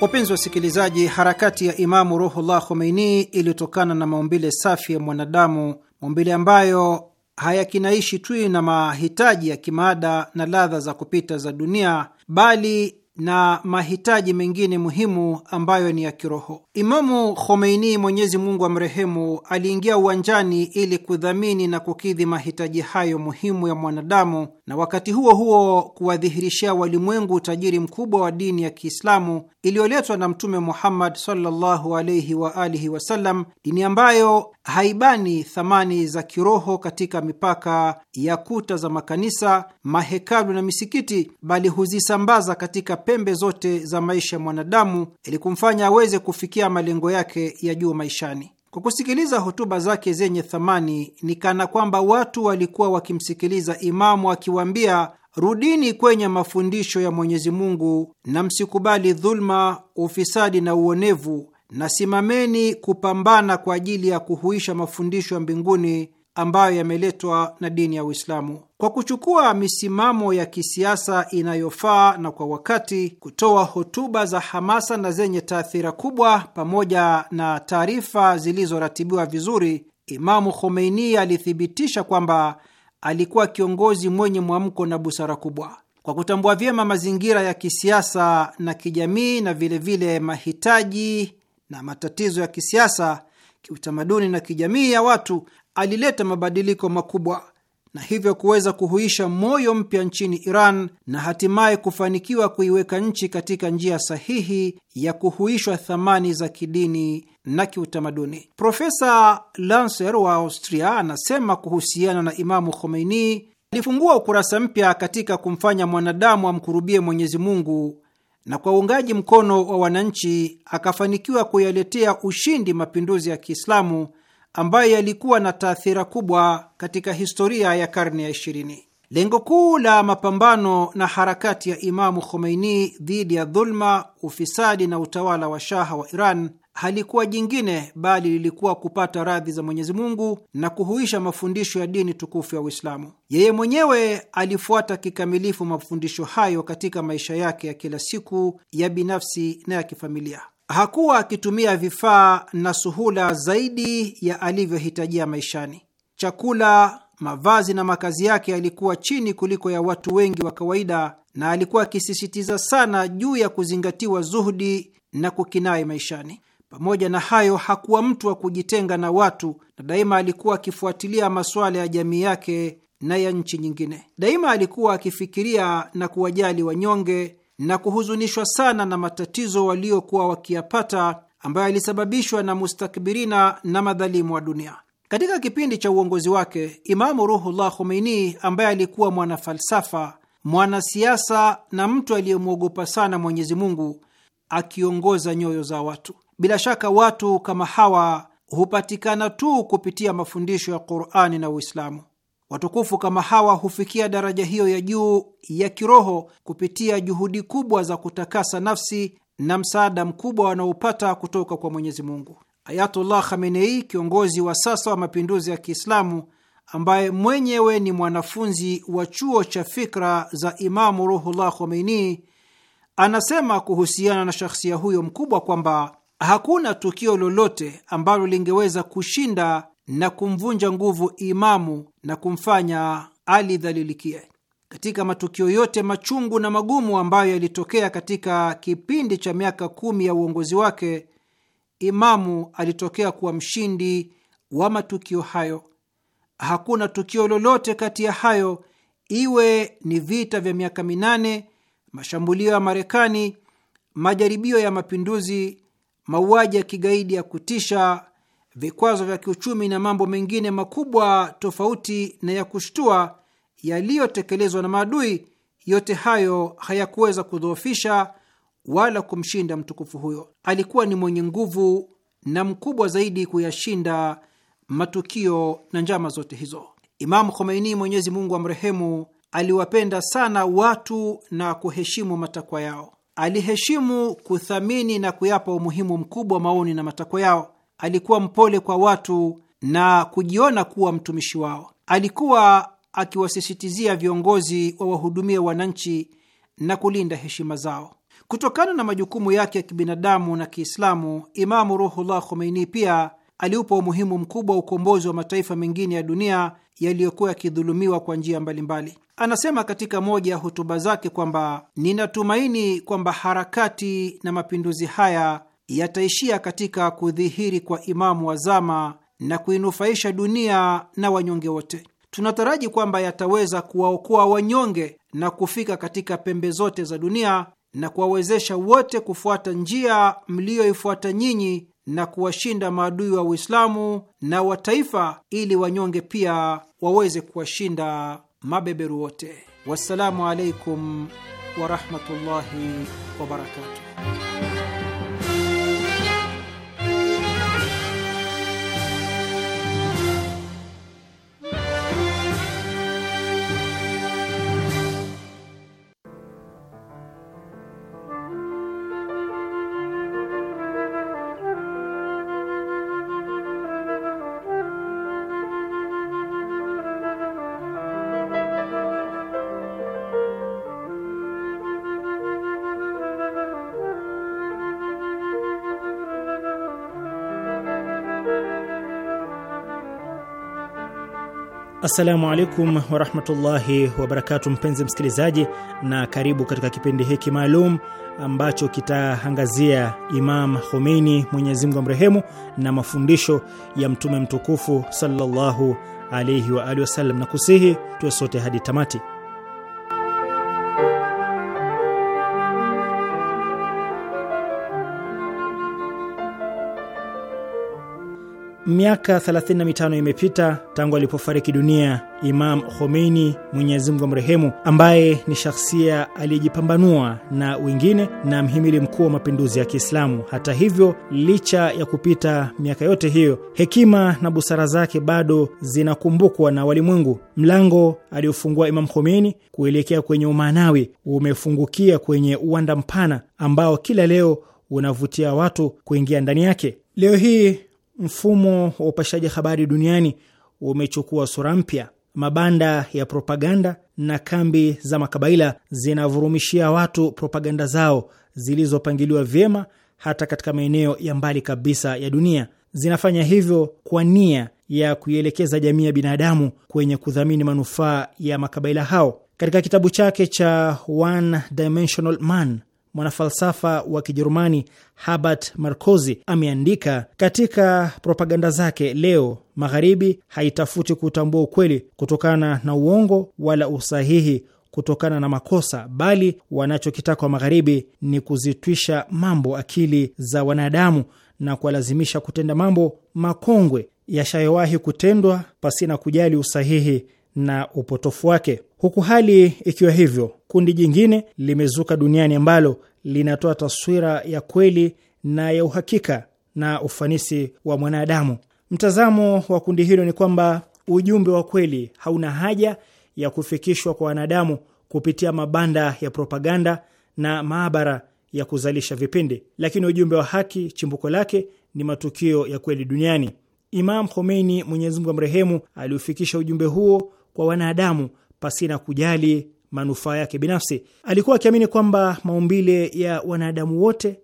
D: Wapenzi wasikilizaji, harakati ya Imamu Ruhullah Khomeini ilitokana na maumbile safi ya mwanadamu, maumbile ambayo hayakinaishi tu na mahitaji ya kimaada na ladha za kupita za dunia, bali na mahitaji mengine muhimu ambayo ni ya kiroho. Imamu Khomeini, Mwenyezi Mungu amrehemu, aliingia uwanjani ili kudhamini na kukidhi mahitaji hayo muhimu ya mwanadamu, na wakati huo huo kuwadhihirishia walimwengu utajiri mkubwa wa dini ya Kiislamu iliyoletwa na Mtume Muhammad sallallahu alaihi wa alihi wasallam, dini ambayo haibani thamani za kiroho katika mipaka ya kuta za makanisa, mahekalu na misikiti, bali huzisambaza katika pembe zote za maisha ya mwanadamu ili kumfanya aweze kufikia malengo yake ya juu maishani. Kwa kusikiliza hotuba zake zenye thamani, ni kana kwamba watu walikuwa wakimsikiliza imamu akiwaambia, rudini kwenye mafundisho ya Mwenyezi Mungu na msikubali dhuluma, ufisadi na uonevu, na simameni kupambana kwa ajili ya kuhuisha mafundisho ya mbinguni ambayo yameletwa na dini ya Uislamu kwa kuchukua misimamo ya kisiasa inayofaa na kwa wakati, kutoa hotuba za hamasa na zenye taathira kubwa, pamoja na taarifa zilizoratibiwa vizuri, Imamu Khomeini alithibitisha kwamba alikuwa kiongozi mwenye mwamko na busara kubwa. Kwa kutambua vyema mazingira ya kisiasa na kijamii na vilevile vile mahitaji na matatizo ya kisiasa, kiutamaduni na kijamii ya watu, alileta mabadiliko makubwa na hivyo kuweza kuhuisha moyo mpya nchini Iran na hatimaye kufanikiwa kuiweka nchi katika njia sahihi ya kuhuishwa thamani za kidini na kiutamaduni. Profesa Lancer wa Austria anasema kuhusiana na Imamu Khomeini, alifungua ukurasa mpya katika kumfanya mwanadamu amkurubie Mwenyezi Mungu na kwa uungaji mkono wa wananchi akafanikiwa kuyaletea ushindi mapinduzi ya Kiislamu ambayo yalikuwa na taathira kubwa katika historia ya karne ya ishirini. Lengo kuu la mapambano na harakati ya Imamu Khomeini dhidi ya dhulma, ufisadi na utawala wa shaha wa Iran halikuwa jingine bali lilikuwa kupata radhi za Mwenyezi Mungu na kuhuisha mafundisho ya dini tukufu ya Uislamu. Yeye mwenyewe alifuata kikamilifu mafundisho hayo katika maisha yake ya kila siku ya binafsi na ya kifamilia hakuwa akitumia vifaa na suhula zaidi ya alivyohitajia maishani. Chakula, mavazi na makazi yake yalikuwa chini kuliko ya watu wengi wa kawaida, na alikuwa akisisitiza sana juu ya kuzingatiwa zuhudi na kukinai maishani. Pamoja na hayo, hakuwa mtu wa kujitenga na watu, na daima alikuwa akifuatilia masuala ya jamii yake na ya nchi nyingine. Daima alikuwa akifikiria na kuwajali wanyonge na kuhuzunishwa sana na matatizo waliokuwa wakiyapata ambayo yalisababishwa na mustakbirina na madhalimu wa dunia. Katika kipindi cha uongozi wake, Imamu Ruhullah Khomeini, ambaye alikuwa mwanafalsafa, mwanasiasa na mtu aliyemwogopa sana Mwenyezi Mungu, akiongoza nyoyo za watu. Bila shaka watu kama hawa hupatikana tu kupitia mafundisho ya Qur'ani na Uislamu. Watukufu kama hawa hufikia daraja hiyo ya juu ya kiroho kupitia juhudi kubwa za kutakasa nafsi na msaada mkubwa wanaopata kutoka kwa Mwenyezi Mungu. Ayatullah Khamenei, kiongozi wa sasa wa mapinduzi ya Kiislamu, ambaye mwenyewe ni mwanafunzi wa chuo cha fikra za Imamu Ruhullah Khomeini, anasema kuhusiana na shakhsia huyo mkubwa kwamba hakuna tukio lolote ambalo lingeweza kushinda na kumvunja nguvu imamu na kumfanya alidhalilikie. Katika matukio yote machungu na magumu ambayo yalitokea katika kipindi cha miaka kumi ya uongozi wake, imamu alitokea kuwa mshindi wa matukio hayo. Hakuna tukio lolote kati ya hayo, iwe ni vita vya miaka minane, mashambulio ya Marekani, majaribio ya mapinduzi, mauaji ya kigaidi ya kutisha vikwazo vya kiuchumi na mambo mengine makubwa tofauti na ya kushtua yaliyotekelezwa na maadui, yote hayo hayakuweza kudhoofisha wala kumshinda mtukufu huyo. Alikuwa ni mwenye nguvu na mkubwa zaidi kuyashinda matukio na njama zote hizo. Imamu Khomeini, Mwenyezi Mungu amrehemu, aliwapenda sana watu na kuheshimu matakwa yao. Aliheshimu, kuthamini na kuyapa umuhimu mkubwa maoni na matakwa yao alikuwa mpole kwa watu na kujiona kuwa mtumishi wao. Alikuwa akiwasisitizia viongozi wa wahudumia wananchi na kulinda heshima zao. Kutokana na majukumu yake ya kibinadamu na Kiislamu, Imamu Ruhullah Khomeini pia aliupa umuhimu mkubwa wa ukombozi wa mataifa mengine ya dunia yaliyokuwa yakidhulumiwa kwa njia mbalimbali. Anasema katika moja ya hotuba zake kwamba, ninatumaini kwamba harakati na mapinduzi haya yataishia katika kudhihiri kwa Imamu wa zama na kuinufaisha dunia na wanyonge wote. Tunataraji kwamba yataweza kuwaokoa wanyonge na kufika katika pembe zote za dunia na kuwawezesha wote kufuata njia mliyoifuata nyinyi na kuwashinda maadui wa Uislamu na wataifa ili wanyonge pia waweze kuwashinda mabeberu wote. Wassalamu alaikum warahmatullahi wabarakatuh.
E: Assalamu alaikum warahmatullahi wabarakatu, mpenzi msikilizaji, na karibu katika kipindi hiki maalum ambacho kitaangazia Imam Khomeini, Mwenyezi Mungu amrehemu, na mafundisho ya Mtume mtukufu sallallahu alaihi wa alihi wasallam, na kusihi tuwe sote hadi tamati. Miaka 35 imepita tangu alipofariki dunia Imam Khomeini, Mwenyezi Mungu amrehemu, ambaye ni shahsia aliyejipambanua na wengine na mhimili mkuu wa mapinduzi ya Kiislamu. Hata hivyo, licha ya kupita miaka yote hiyo, hekima na busara zake bado zinakumbukwa na walimwengu. Mlango aliofungua Imam Khomeini kuelekea kwenye umaanawi umefungukia kwenye uwanda mpana ambao kila leo unavutia watu kuingia ndani yake. Leo hii mfumo wa upashaji habari duniani umechukua sura mpya. Mabanda ya propaganda na kambi za makabaila zinavurumishia watu propaganda zao zilizopangiliwa vyema, hata katika maeneo ya mbali kabisa ya dunia. Zinafanya hivyo kwa nia ya kuielekeza jamii ya binadamu kwenye kudhamini manufaa ya makabaila hao. Katika kitabu chake cha One Dimensional Man mwanafalsafa wa Kijerumani Herbert Marcuse ameandika katika propaganda zake, leo Magharibi haitafuti kutambua ukweli kutokana na uongo wala usahihi kutokana na makosa, bali wanachokitaka wa Magharibi ni kuzitwisha mambo akili za wanadamu na kuwalazimisha kutenda mambo makongwe yashayowahi kutendwa pasina kujali usahihi na upotofu wake. Huku hali ikiwa hivyo, kundi jingine limezuka duniani ambalo linatoa taswira ya kweli na ya uhakika na ufanisi wa mwanadamu. Mtazamo wa kundi hilo ni kwamba ujumbe wa kweli hauna haja ya kufikishwa kwa wanadamu kupitia mabanda ya propaganda na maabara ya kuzalisha vipindi, lakini ujumbe wa haki chimbuko lake ni matukio ya kweli duniani. Imam Khomeini, Mwenyezi Mungu amrehemu, aliufikisha ujumbe huo kwa wanadamu pasina kujali manufaa yake binafsi. Alikuwa akiamini kwamba maumbile ya wanadamu wote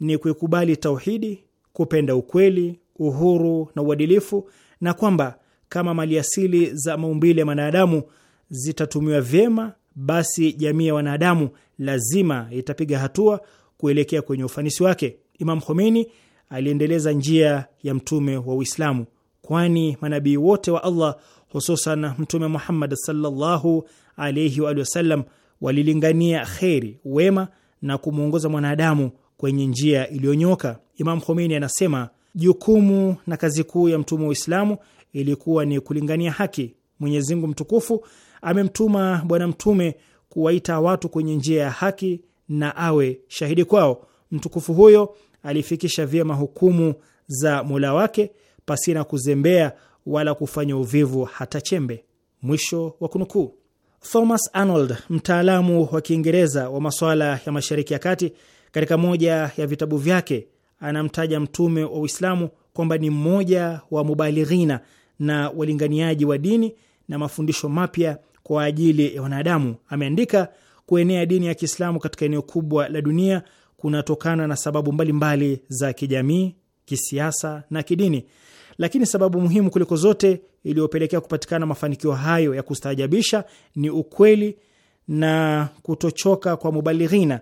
E: ni kuikubali tauhidi, kupenda ukweli, uhuru na uadilifu, na kwamba kama maliasili za maumbile ya wanadamu zitatumiwa vyema, basi jamii ya wanadamu lazima itapiga hatua kuelekea kwenye ufanisi wake. Imam Khomeini aliendeleza njia ya mtume wa Uislamu, kwani manabii wote wa Allah hususan Mtume Muhammad sallallahu alaihi wa sallam walilingania kheri, wema na kumwongoza mwanadamu kwenye njia iliyonyoka. Imam Khomeini anasema jukumu na kazi kuu ya mtume wa Uislamu ilikuwa ni kulingania haki. Mwenyezi Mungu mtukufu amemtuma Bwana Mtume kuwaita watu kwenye njia ya haki na awe shahidi kwao. Mtukufu huyo alifikisha vyema hukumu za Mola wake pasina kuzembea wala kufanya uvivu hata chembe. Mwisho wa kunukuu. Thomas Arnold, mtaalamu wa Kiingereza wa masuala ya Mashariki ya Kati, katika moja ya vitabu vyake anamtaja Mtume wa Uislamu kwamba ni mmoja wa mubalighina na walinganiaji wa dini na mafundisho mapya kwa ajili ya wanadamu. Ameandika, kuenea dini ya Kiislamu katika eneo kubwa la dunia kunatokana na sababu mbalimbali mbali za kijamii, kisiasa na kidini. Lakini sababu muhimu kuliko zote iliyopelekea kupatikana mafanikio hayo ya kustaajabisha ni ukweli na kutochoka kwa mubalighina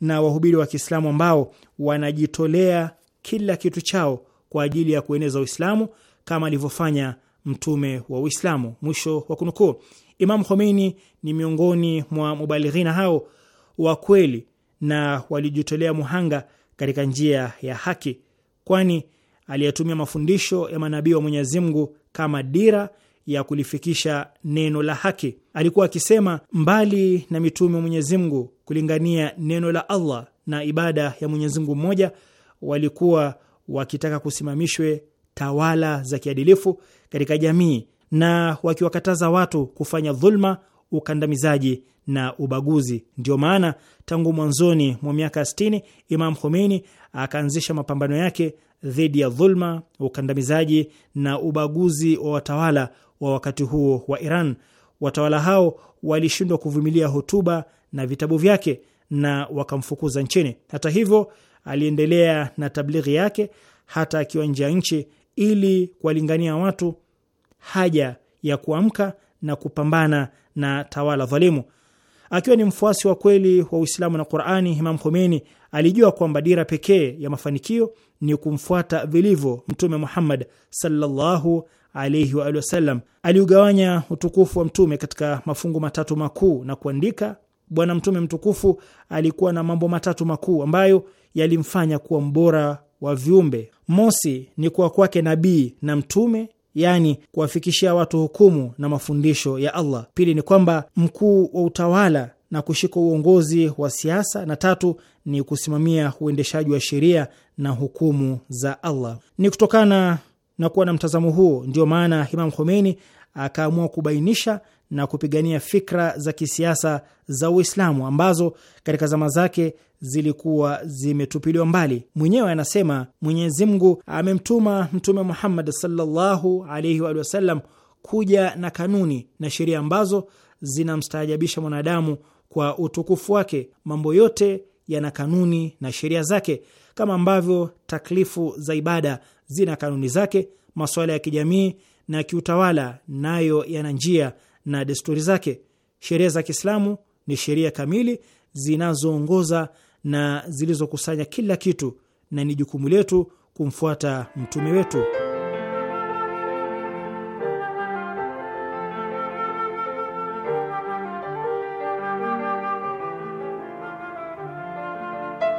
E: na wahubiri wa Kiislamu ambao wanajitolea kila kitu chao kwa ajili ya kueneza Uislamu kama alivyofanya mtume wa Uislamu. Mwisho wa kunukuu. Imam Khomeini ni miongoni mwa mubalighina hao wa kweli na walijitolea muhanga katika njia ya haki, kwani aliyetumia mafundisho ya manabii wa Mwenyezi Mungu kama dira ya kulifikisha neno la haki. Alikuwa akisema, mbali na mitume wa Mwenyezi Mungu kulingania neno la Allah na ibada ya Mwenyezi Mungu mmoja, walikuwa wakitaka kusimamishwe tawala za kiadilifu katika jamii na wakiwakataza watu kufanya dhulma, ukandamizaji na ubaguzi. ndio maana tangu mwanzoni mwa miaka 60 Imam Khomeini akaanzisha mapambano yake dhidi ya dhulma, ukandamizaji na ubaguzi wa watawala wa wakati huo wa Iran. Watawala hao walishindwa kuvumilia hotuba na vitabu vyake na wakamfukuza nchini. Hata hivyo, aliendelea na tablighi yake hata akiwa nje ya nchi ili kuwalingania watu haja ya kuamka na kupambana na tawala dhalimu. Akiwa ni mfuasi wa kweli wa Uislamu na Qurani, Imam Khomeini alijua kwamba dira pekee ya mafanikio ni kumfuata vilivyo Mtume Muhammad sallallahu alaihi wa alihi wasallam. Aliugawanya utukufu wa Mtume katika mafungu matatu makuu na kuandika, Bwana Mtume mtukufu alikuwa na mambo matatu makuu ambayo yalimfanya kuwa mbora wa viumbe. Mosi ni kuwa kwake nabii na mtume yaani kuwafikishia watu hukumu na mafundisho ya Allah. Pili ni kwamba mkuu wa utawala na kushika uongozi wa siasa, na tatu ni kusimamia uendeshaji wa sheria na hukumu za Allah. Ni kutokana na kuwa na mtazamo huo ndio maana Imam Khomeini akaamua kubainisha na kupigania fikra za kisiasa za Uislamu ambazo katika zama zake zilikuwa zimetupiliwa mbali. Mwenyewe anasema Mwenyezi Mungu amemtuma Mtume Muhammad sallallahu alaihi wa sallam kuja na kanuni na sheria ambazo zinamstaajabisha mwanadamu kwa utukufu wake. Mambo yote yana kanuni na sheria zake, kama ambavyo taklifu za ibada zina kanuni zake. Masuala ya kijamii na kiutawala nayo yana njia na desturi zake. Sheria za Kiislamu ni sheria kamili zinazoongoza na zilizokusanya kila kitu, na ni jukumu letu kumfuata mtume wetu.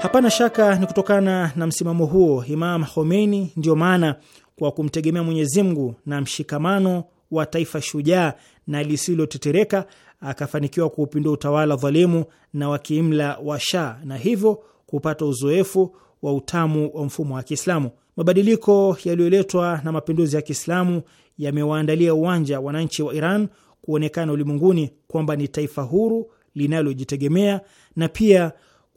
E: Hapana shaka ni kutokana na msimamo huo Imam Khomeini, ndiyo maana kwa kumtegemea Mwenyezi Mungu na mshikamano wa taifa shujaa na lisilotetereka akafanikiwa kuupindua utawala dhalimu na wa kiimla wa Shah na hivyo kupata uzoefu wa utamu wa mfumo wa Kiislamu. Mabadiliko yaliyoletwa na mapinduzi ya Kiislamu yamewaandalia uwanja wananchi wa Iran kuonekana ulimwenguni kwamba ni taifa huru linalojitegemea na pia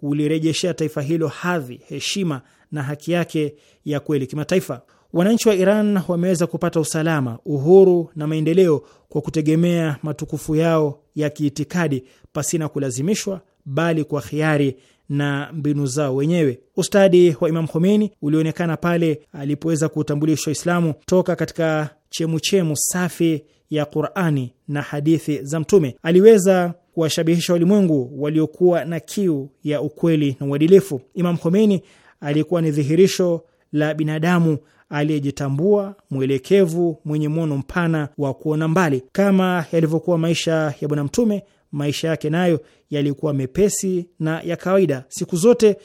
E: kulirejeshea taifa hilo hadhi, heshima na haki yake ya kweli kimataifa. Wananchi wa Iran wameweza kupata usalama, uhuru na maendeleo kwa kutegemea matukufu yao ya kiitikadi pasina kulazimishwa, bali kwa hiari na mbinu zao wenyewe. Ustadi wa Imam Khomeini ulionekana pale alipoweza kuutambulisha Islamu toka katika chemuchemu safi ya Qurani na hadithi za Mtume. Aliweza kuwashabihisha walimwengu waliokuwa na kiu ya ukweli na uadilifu. Imam Khomeini alikuwa ni dhihirisho la binadamu aliyejitambua, mwelekevu, mwenye mwono mpana wa kuona mbali. Kama yalivyokuwa maisha ya Bwana Mtume, maisha yake nayo yalikuwa mepesi na ya kawaida. Siku zote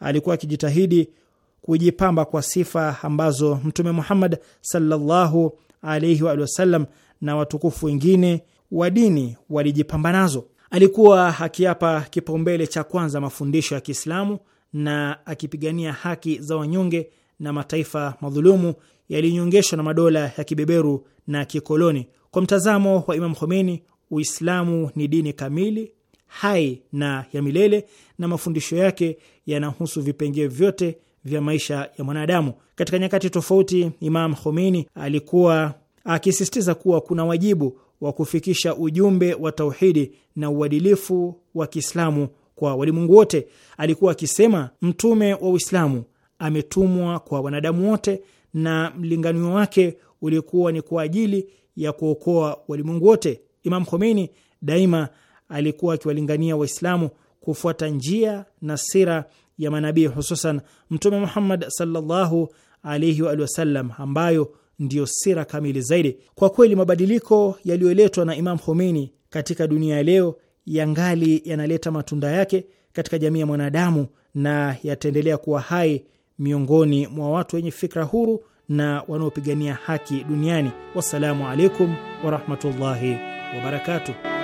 E: alikuwa akijitahidi kujipamba kwa sifa ambazo Mtume Muhammad sallallahu alaihi wa wasallam na watukufu wengine wa dini walijipamba nazo. Alikuwa akiapa kipaumbele cha kwanza mafundisho ya Kiislamu na akipigania haki za wanyonge na mataifa madhulumu yaliyonyongeshwa na madola ya kibeberu na kikoloni. Kwa mtazamo wa Imam Khomeini, Uislamu ni dini kamili, hai na ya milele, na mafundisho yake yanahusu vipengee vyote vya maisha ya mwanadamu. Katika nyakati tofauti, Imam Khomeini alikuwa akisisitiza kuwa kuna wajibu wa kufikisha ujumbe wa tauhidi na uadilifu wa Kiislamu kwa walimwengu wote. Alikuwa akisema, mtume wa Uislamu ametumwa kwa wanadamu wote na mlinganio wake ulikuwa ni kwa ajili ya kuokoa walimwengu wote. Imam Khomeini daima alikuwa akiwalingania Waislamu kufuata njia na sira ya manabii hususan Mtume Muhammad sallallahu alaihi wa sallam, ambayo ndiyo sira kamili zaidi. Kwa kweli, mabadiliko yaliyoletwa na Imam Khomeini katika dunia ya leo yangali yanaleta matunda yake katika jamii ya mwanadamu na yataendelea kuwa hai miongoni mwa watu wenye fikra huru na wanaopigania haki duniani. Wassalamu alaikum warahmatullahi wabarakatuh.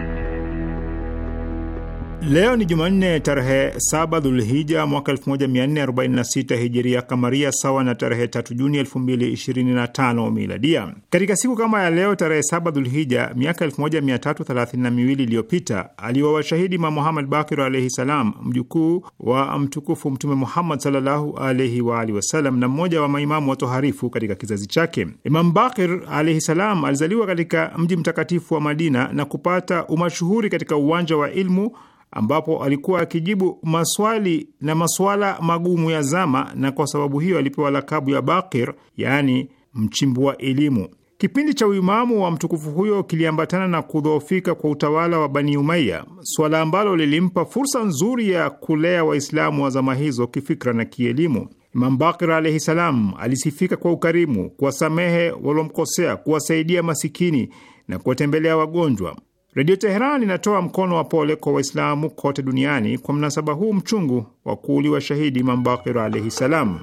A: Leo ni Jumanne tarehe 7 Dhulhija mwaka 1446 hijiria kamaria sawa na tarehe 3 Juni 2025 miladia. Katika siku kama ya leo tarehe saba Dhulhija miaka 1332 iliyopita aliwa shahidi Imam Muhammad Bakir alaihi salam, mjukuu wa mtukufu Mtume Muhammad sallallahu alaihi wa alihi wasallam na mmoja wa maimamu watoharifu katika kizazi chake. Imam Bakir alaihi salam alizaliwa katika mji mtakatifu wa Madina na kupata umashuhuri katika uwanja wa ilmu ambapo alikuwa akijibu maswali na masuala magumu ya zama, na kwa sababu hiyo alipewa lakabu ya Bakir, yaani mchimbua elimu. Kipindi cha uimamu wa mtukufu huyo kiliambatana na kudhoofika kwa utawala wa Bani Umaya, suala ambalo lilimpa fursa nzuri ya kulea Waislamu wa zama hizo kifikra na kielimu. Imam Bakir alaihi salam alisifika kwa ukarimu, kuwasamehe waliomkosea, kuwasaidia masikini na kuwatembelea wagonjwa. Redio Teheran inatoa mkono wa pole kwa Waislamu kote duniani kwa mnasaba huu mchungu wa kuuliwa shahidi imam Bakir alaihi salam.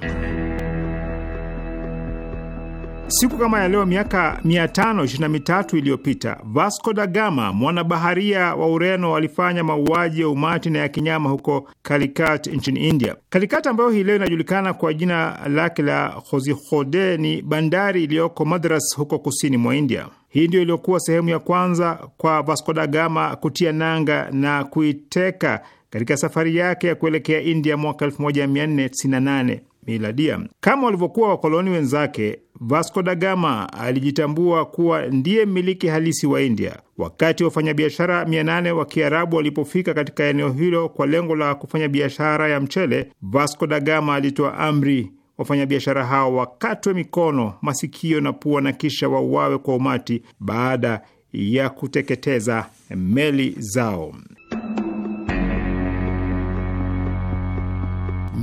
A: Siku kama ya leo miaka 523 iliyopita Vasco da Gama, mwanabaharia wa Ureno, alifanya mauaji ya umati na ya kinyama huko kalikat nchini India. Kalikat ambayo hii leo inajulikana kwa jina lake la Kozhikode ni bandari iliyoko Madras huko kusini mwa India. Hii ndio iliyokuwa sehemu ya kwanza kwa Vasco da Gama kutia nanga na kuiteka katika safari yake ya kuelekea India mwaka 1498 miladia. Kama walivyokuwa wakoloni wenzake, Vasco da Gama alijitambua kuwa ndiye mmiliki halisi wa India. Wakati wafanyabiashara mia wa Kiarabu walipofika katika eneo hilo kwa lengo la kufanya biashara ya mchele, Vasco da Gama alitoa amri wafanyabiashara hao wakatwe mikono, masikio na pua na kisha wauawe kwa umati baada ya kuteketeza meli zao.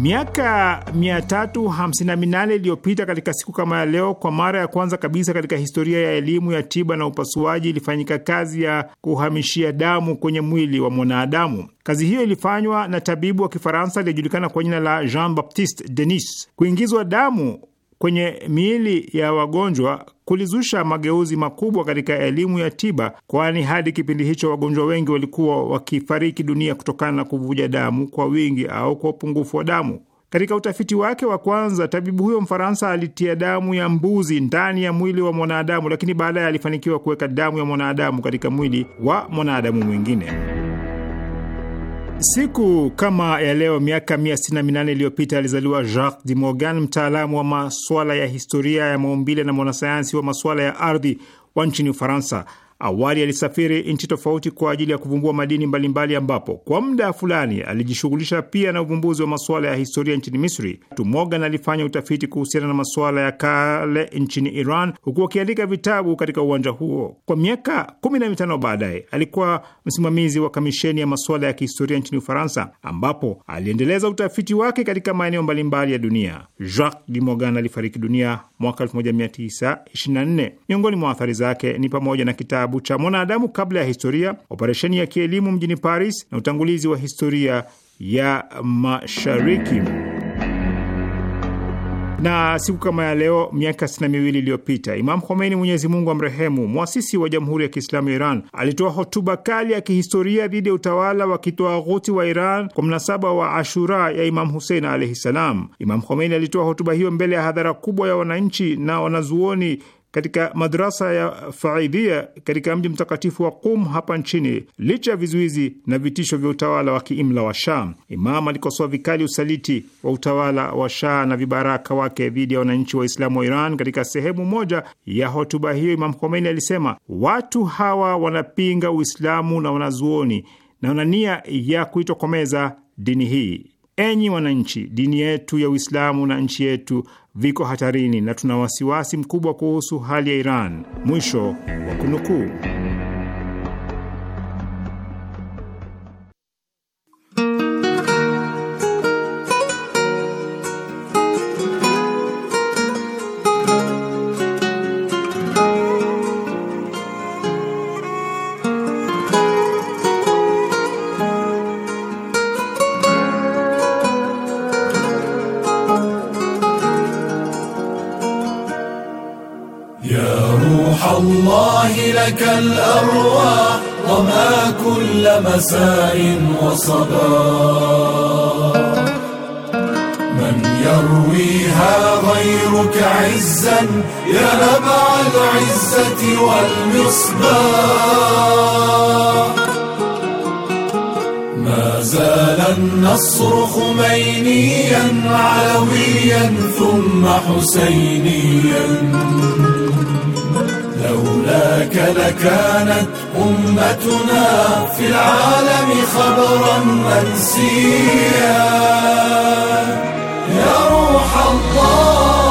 A: Miaka 358 iliyopita katika siku kama ya leo, kwa mara ya kwanza kabisa katika historia ya elimu ya tiba na upasuaji ilifanyika kazi ya kuhamishia damu kwenye mwili wa mwanadamu. Kazi hiyo ilifanywa na tabibu wa Kifaransa aliyejulikana kwa jina la Jean Baptiste Denis. Kuingizwa damu kwenye miili ya wagonjwa kulizusha mageuzi makubwa katika elimu ya tiba, kwani hadi kipindi hicho wagonjwa wengi walikuwa wakifariki dunia kutokana na kuvuja damu kwa wingi au kwa upungufu wa damu. Katika utafiti wake wa kwanza, tabibu huyo Mfaransa alitia damu ya mbuzi ndani ya mwili wa mwanadamu, lakini baadaye alifanikiwa kuweka damu ya mwanadamu katika mwili wa mwanadamu mwingine. Siku kama ya leo miaka 168 iliyopita alizaliwa Jacques de Morgan, mtaalamu wa maswala ya historia ya maumbile na mwanasayansi wa maswala ya ardhi wa nchini Ufaransa. Awali alisafiri nchi tofauti kwa ajili ya kuvumbua madini mbalimbali, ambapo kwa muda fulani alijishughulisha pia na uvumbuzi wa masuala ya historia nchini Misri. tumogan alifanya utafiti kuhusiana na masuala ya kale nchini Iran, huku akiandika vitabu katika uwanja huo. Kwa miaka kumi na mitano baadaye alikuwa msimamizi wa kamisheni ya masuala ya kihistoria nchini Ufaransa, ambapo aliendeleza utafiti wake katika maeneo mbalimbali ya dunia. Jacques de Morgan alifariki dunia mwaka 1924. Miongoni mwa athari zake ni pamoja na kitabu kitabu cha mwanadamu kabla ya historia, operesheni ya kielimu mjini Paris na utangulizi wa historia ya Mashariki. Na siku kama ya leo miaka sitini na miwili iliyopita Imam Khomeini, Mwenyezi Mungu amrehemu, mwasisi wa Jamhuri ya Kiislamu ya Iran, alitoa hotuba kali ya kihistoria dhidi ya utawala wa kitwaghuti wa Iran kwa mnasaba wa Ashura ya Imam Husein alaihi ssalam. Imam Khomeini alitoa hotuba hiyo mbele ya hadhara kubwa ya wananchi na wanazuoni katika madrasa ya Faidhia katika mji mtakatifu wa Qum hapa nchini, licha ya vizuizi na vitisho vya utawala wa kiimla wa Shah. Imam alikosoa vikali usaliti wa utawala wa Shah na vibaraka wake dhidi ya wananchi Waislamu wa Iran. Katika sehemu moja ya hotuba hiyo, Imam Khomeini alisema, watu hawa wanapinga Uislamu na wanazuoni na wana nia ya kuitokomeza dini hii. Enyi wananchi, dini yetu ya Uislamu na nchi yetu viko hatarini na tuna wasiwasi mkubwa kuhusu hali ya Iran. Mwisho wa kunukuu.
F: لك الأرواح وما كل مساء وصباح من يرويها غيرك عزا يا نبع العزة والمصباح ما زال النصر خمينيا علويا ثم حسينيا لولاك لكانت أمتنا في العالم خبرا منسيا يا
G: روح الله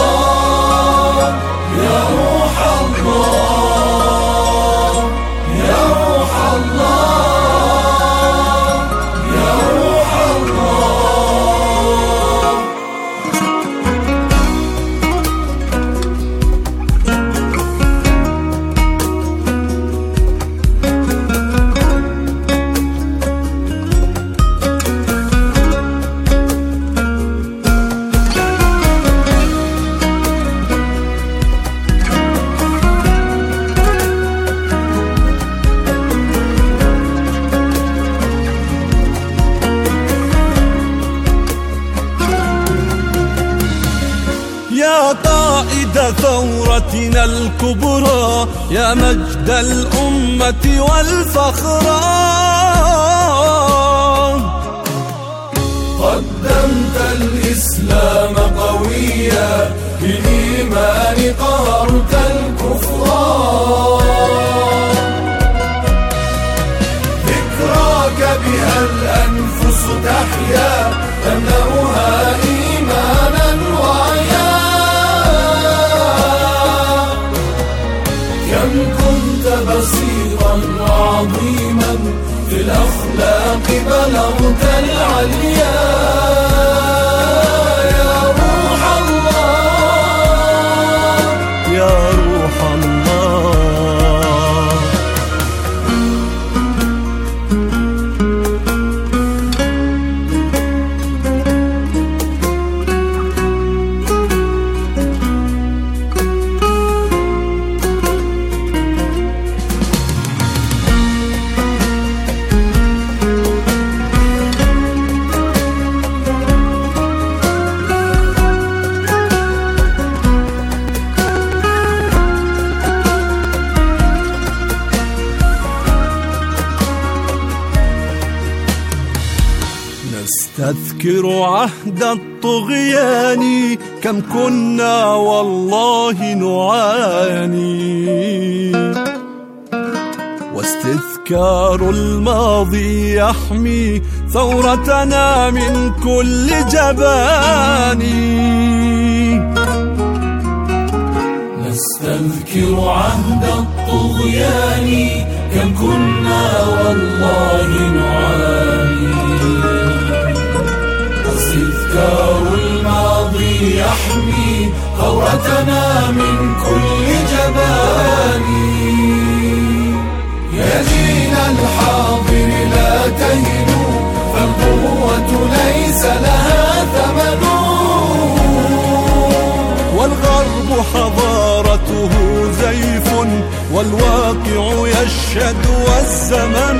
F: أذكر عهد الطغيان كم كنا
B: والله نعاني واستذكار الماضي يحمي ثورتنا
F: من كل جبان نستذكر عهد الطغيان كم كنا والله نعاني والماضي الماضي يحمي ثورتنا من كل جبان يا جيل الحاضر لا تهنوا فالقوة ليس لها ثمن والغرب حضارته زيف والواقع يشهد والزمن